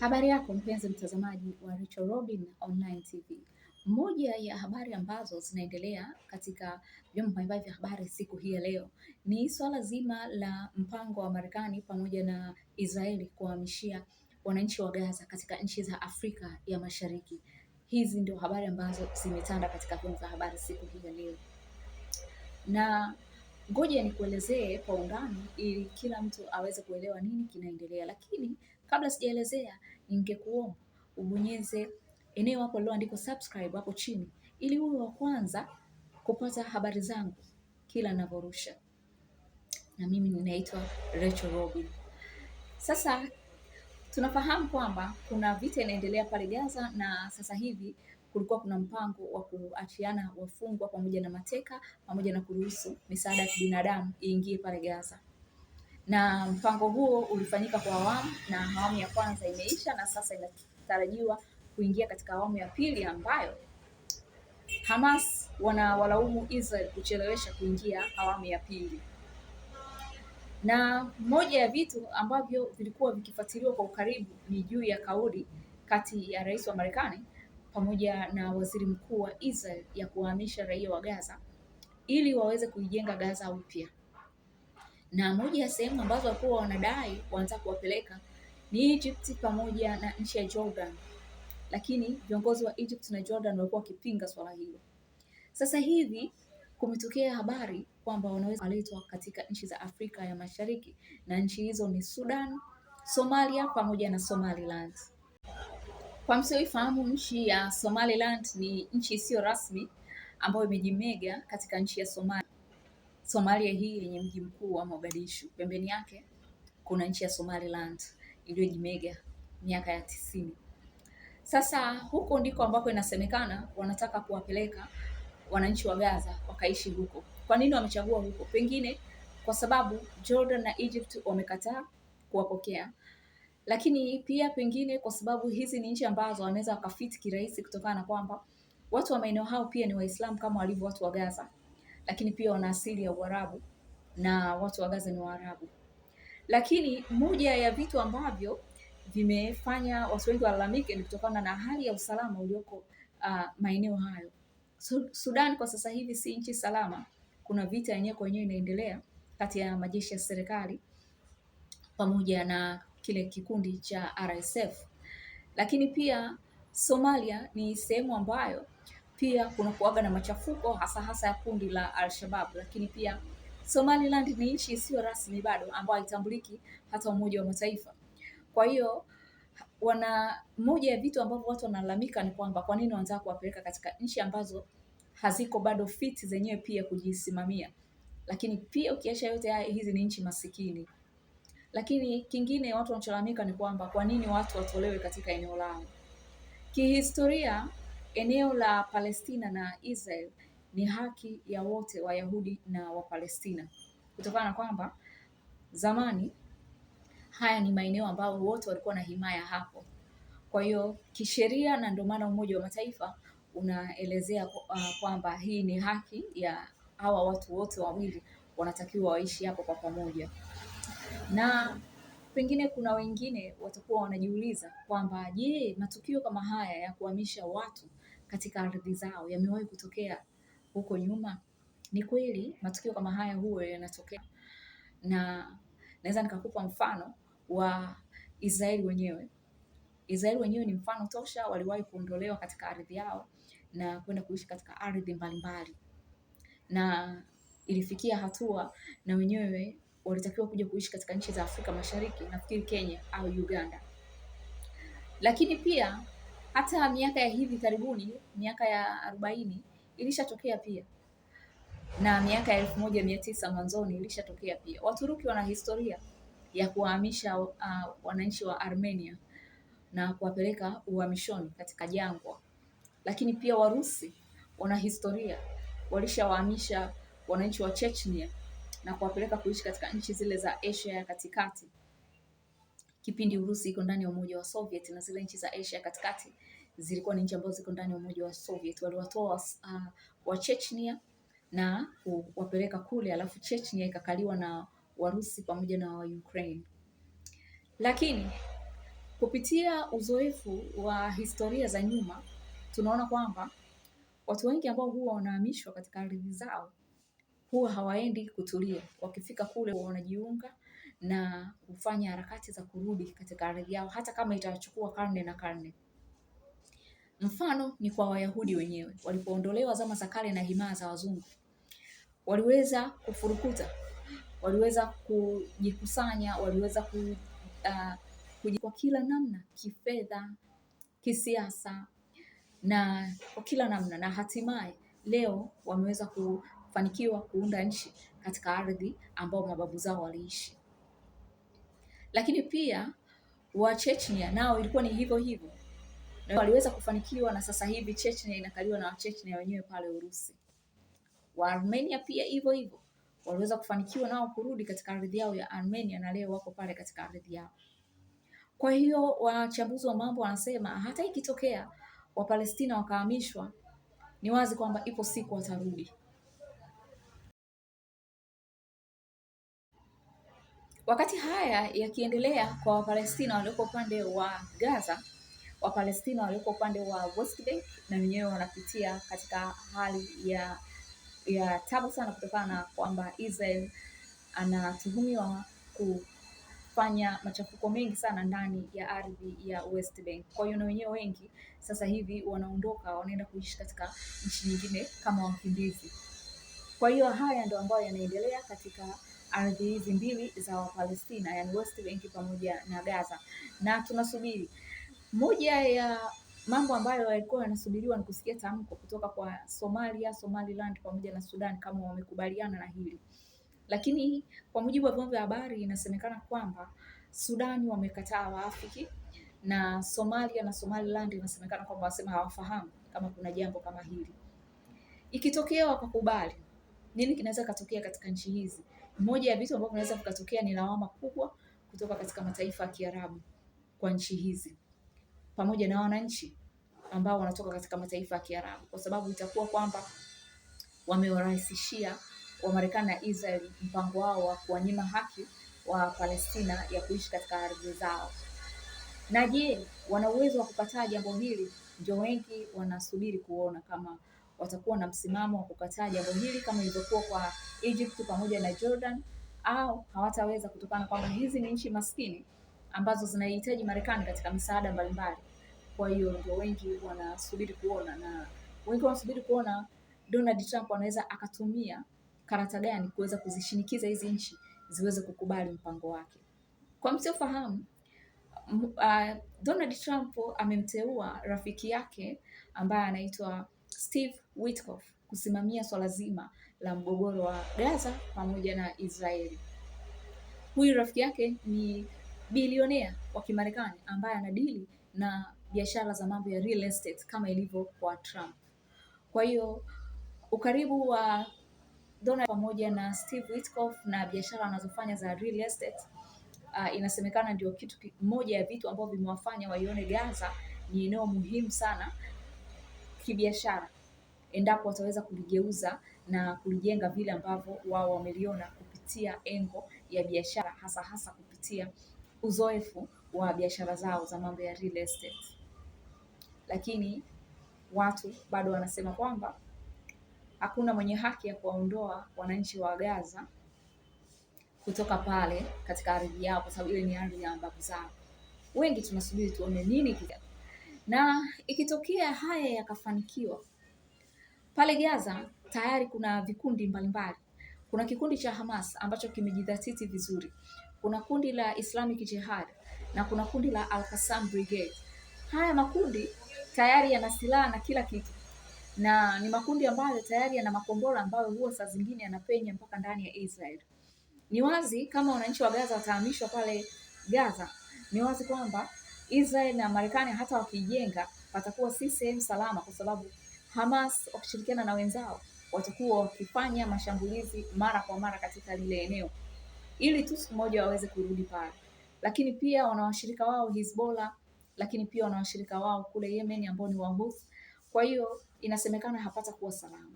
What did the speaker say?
Habari yako mpenzi mtazamaji wa Richo Robin Online TV. Moja ya habari ambazo zinaendelea katika vyombo mbalimbali vya habari siku hii ya leo ni swala zima la mpango wa Marekani pamoja na Israeli kuhamishia wananchi wa Gaza katika nchi za Afrika ya Mashariki. Hizi ndio habari ambazo zimetanda katika vyombo vya habari siku hii ya leo, na ngoja nikuelezee kwa undani ili kila mtu aweze kuelewa nini kinaendelea, lakini Kabla sijaelezea, ningekuomba ubonyeze eneo hapo lililoandikwa subscribe hapo chini, ili uwe wa kwanza kupata habari zangu kila ninavyorusha. Na mimi ninaitwa Rachel Robin. Sasa tunafahamu kwamba kuna vita inaendelea pale Gaza, na sasa hivi kulikuwa kuna mpango wa kuachiana wafungwa pamoja na mateka pamoja na kuruhusu misaada ya kibinadamu iingie pale Gaza na mpango huo ulifanyika kwa awamu na awamu ya kwanza imeisha na sasa inatarajiwa kuingia katika awamu ya pili ambayo Hamas wanawalaumu Israel kuchelewesha kuingia awamu ya pili. Na moja ya vitu ambavyo vilikuwa vikifuatiliwa kwa ukaribu ni juu ya kauli kati ya rais wa Marekani pamoja na waziri mkuu wa Israel ya kuhamisha raia wa Gaza ili waweze kuijenga Gaza upya na moja ya sehemu ambazo walikuwa wanadai kuanza kuwapeleka ni Egypt pamoja na nchi ya Jordan, lakini viongozi wa Egypt na Jordan walikuwa wakipinga swala hilo. Sasa hivi kumetokea habari kwamba wanaweza waletwa katika nchi za Afrika ya Mashariki, na nchi hizo ni Sudan, Somalia pamoja na Somaliland. Kwa msioifahamu, nchi ya Somaliland ni nchi isiyo rasmi ambayo imejimega katika nchi ya Somalia. Somalia hii yenye mji mkuu wa Mogadishu, pembeni yake kuna nchi ya Somaliland iliyojimega miaka ya tisini. Sasa huko ndiko ambako inasemekana wanataka kuwapeleka wananchi wa Gaza wakaishi huko. Kwa nini wamechagua huko? Pengine kwa sababu Jordan na Egypt wamekataa kuwapokea, lakini pia pengine kwa sababu hizi ni nchi ambazo wanaweza wakafiti kirahisi kutokana na kwamba watu wa maeneo hao pia ni Waislamu kama walivyo watu wa Gaza lakini pia wana asili ya Uarabu na watu wa Gaza ni Waarabu. Lakini moja ya vitu ambavyo vimefanya watu wengi walalamike ni kutokana na hali ya usalama ulioko uh, maeneo hayo. Sudan kwa sasa hivi si nchi salama. Kuna vita yenyewe kwa yenyewe inaendelea kati ya majeshi ya serikali pamoja na kile kikundi cha RSF. Lakini pia Somalia ni sehemu ambayo pia kuna kuaga na machafuko hasa hasa ya kundi la Alshabab, lakini pia Somaliland ni nchi isiyo rasmi bado ambayo haitambuliki hata Umoja wa Mataifa. Kwa hiyo wana moja ya vitu ambavyo watu wanalalamika ni kwamba kwa nini wanataka kuwapeleka katika nchi ambazo haziko bado fit zenyewe pia kujisimamia. Lakini pia ukiacha yote haya, hizi ni nchi masikini. Lakini kingine watu wanacholalamika ni kwamba kwa nini watu watolewe katika eneo lao kihistoria Eneo la Palestina na Israel ni haki ya wote Wayahudi na Wapalestina, kutokana na kwamba zamani haya ni maeneo ambayo wote walikuwa na himaya hapo. Kwa hiyo kisheria, na ndio maana Umoja wa Mataifa unaelezea uh, kwamba uh, hii ni haki ya hawa watu wote wawili, wanatakiwa waishi hapo kwa pamoja. Na pengine kuna wengine watakuwa wanajiuliza kwamba je, matukio kama haya ya kuhamisha watu katika ardhi zao. Yamewahi kutokea huko nyuma. Ni kweli matukio kama haya huwa yanatokea, na naweza nikakupa mfano wa Israeli wenyewe. Israeli wenyewe ni mfano tosha, waliwahi kuondolewa katika ardhi yao na kwenda kuishi katika ardhi mbalimbali, na ilifikia hatua na wenyewe walitakiwa kuja kuishi katika nchi za Afrika Mashariki, nafikiri Kenya au Uganda, lakini pia hata miaka ya hivi karibuni, miaka ya arobaini ilishatokea pia na miaka ya elfu moja mia tisa mwanzoni ilishatokea pia. Waturuki wana historia ya kuwahamisha uh, wananchi wa Armenia na kuwapeleka uhamishoni katika jangwa, lakini pia Warusi wana historia, walishawahamisha wananchi wa Chechnia na kuwapeleka kuishi katika nchi zile za Asia ya katikati kipindi Urusi iko ndani ya Umoja wa Soviet na zile nchi za Asia katikati zilikuwa ni nchi ambazo ziko ndani ya Umoja wa Soviet. Waliwatoa uh, wa Chechnia na kuwapeleka kule, alafu Chechnia ikakaliwa na Warusi pamoja na wa Ukraine. Lakini kupitia uzoefu wa historia za nyuma tunaona kwamba watu wengi ambao huwa wanahamishwa katika ardhi zao huwa hawaendi kutulia, wakifika kule wanajiunga na kufanya harakati za kurudi katika ardhi yao hata kama itachukua karne na karne. Mfano ni kwa Wayahudi wenyewe walipoondolewa zama za kale na himaya za wazungu, waliweza kufurukuta, waliweza kujikusanya, waliweza ku, uh, kuji kwa kila namna kifedha, kisiasa na kwa kila namna, na hatimaye leo wameweza kufanikiwa kuunda nchi katika ardhi ambao mababu zao waliishi. Lakini pia Chechnya nao ilikuwa ni hivyo hivyo, na waliweza kufanikiwa, na sasa hivi Chechnya inakaliwa na Wachechnya wenyewe pale Urusi. Wa Armenia pia hivyo hivyo waliweza kufanikiwa nao kurudi katika ardhi yao ya Armenia na leo wako pale katika ardhi yao. Kwa hiyo wachambuzi wa mambo wanasema hata ikitokea Wapalestina wakahamishwa, ni wazi kwamba ipo siku watarudi. Wakati haya yakiendelea kwa Wapalestina walioko upande wa Gaza, Wapalestina walioko upande wa West Bank na wenyewe wanapitia katika hali ya ya tabu sana, kutokana na kwamba Israel anatuhumiwa kufanya machafuko mengi sana ndani ya ardhi ya West Bank. Kwa hiyo na wenyewe wengi sasa hivi wanaondoka, wanaenda kuishi katika nchi nyingine kama wakimbizi. Kwa hiyo haya ndo ambayo yanaendelea katika ardhi hizi mbili za Wapalestina, yani West Bank pamoja na Gaza, na tunasubiri moja ya mambo ambayo yalikuwa yanasubiriwa ni kusikia tamko kutoka kwa Somalia, Somaliland pamoja na Sudan kama wamekubaliana na hili, lakini kwa mujibu wa vyombo vya habari inasemekana kwamba Sudan wamekataa waafiki na Somalia na Somaliland inasemekana kwamba wasema hawafahamu kama kuna jambo kama hili. Ikitokea wakakubali nini kinaweza katokea katika nchi hizi. Moja ya vitu ambavyo vinaweza vikatokea ni lawama kubwa kutoka katika mataifa ya Kiarabu kwa nchi hizi, pamoja na wananchi ambao wanatoka katika mataifa ya Kiarabu, kwa sababu itakuwa kwamba wamewarahisishia Wamarekani na israel mpango wao wa kuwanyima haki wa Palestina ya kuishi katika ardhi zao. Na je, wana uwezo wa kukataa jambo hili? Ndio wengi wanasubiri kuona kama watakuwa na msimamo wa kukataa jambo hili kama ilivyokuwa kwa Egypt pamoja na Jordan, au hawataweza kutokana kwamba hizi ni nchi maskini ambazo zinahitaji Marekani katika misaada mbalimbali. Kwa hiyo ndio wengi wanasubiri kuona, na wengi wanasubiri kuona Donald Trump anaweza akatumia karata gani kuweza kuzishinikiza hizi nchi ziweze kukubali mpango wake. Kwa msiofahamu, uh, Donald Trump amemteua rafiki yake ambaye anaitwa Steve Witkoff kusimamia swala zima la mgogoro wa Gaza pamoja na Israeli. Huyu rafiki yake ni bilionea wa Kimarekani ambaye anadili na biashara za mambo ya real estate kama ilivyo kwa Trump. Kwa hiyo ukaribu wa Donald pamoja na Steve Witkoff na biashara anazofanya za real estate uh, inasemekana ndio kitu moja ya vitu ambavyo vimewafanya waione Gaza ni eneo muhimu sana kibiashara endapo wataweza kuligeuza na kulijenga vile ambavyo wao wameliona kupitia engo ya biashara, hasa hasa kupitia uzoefu wa biashara zao za mambo ya real estate. Lakini watu bado wanasema kwamba hakuna mwenye haki ya kuwaondoa wananchi wa Gaza kutoka pale katika ardhi yao, kwa sababu ile ni ardhi ya mababu zao. Wengi tunasubiri tuone nini na ikitokea haya yakafanikiwa pale Gaza, tayari kuna vikundi mbalimbali. Kuna kikundi cha Hamas ambacho kimejidhatiti vizuri, kuna kundi la Islamic Jihad na kuna kundi la Al-Qassam Brigade. Haya makundi tayari yana silaha na kila kitu, na ni makundi ambayo tayari yana makombora ambayo huwa saa zingine yanapenya mpaka ndani ya Israel. Ni wazi kama wananchi wa Gaza watahamishwa pale Gaza, ni wazi kwamba Israel na Marekani hata wakijenga watakuwa si sehemu salama, kwa sababu Hamas wakishirikiana na wenzao watakuwa wakifanya mashambulizi mara kwa mara katika lile eneo, ili tu siku moja waweze kurudi pale. Lakini pia wana washirika wao Hezbollah, lakini pia wana washirika wao kule Yemen ambao ni Wahouthi. Kwa hiyo inasemekana hapata kuwa salama.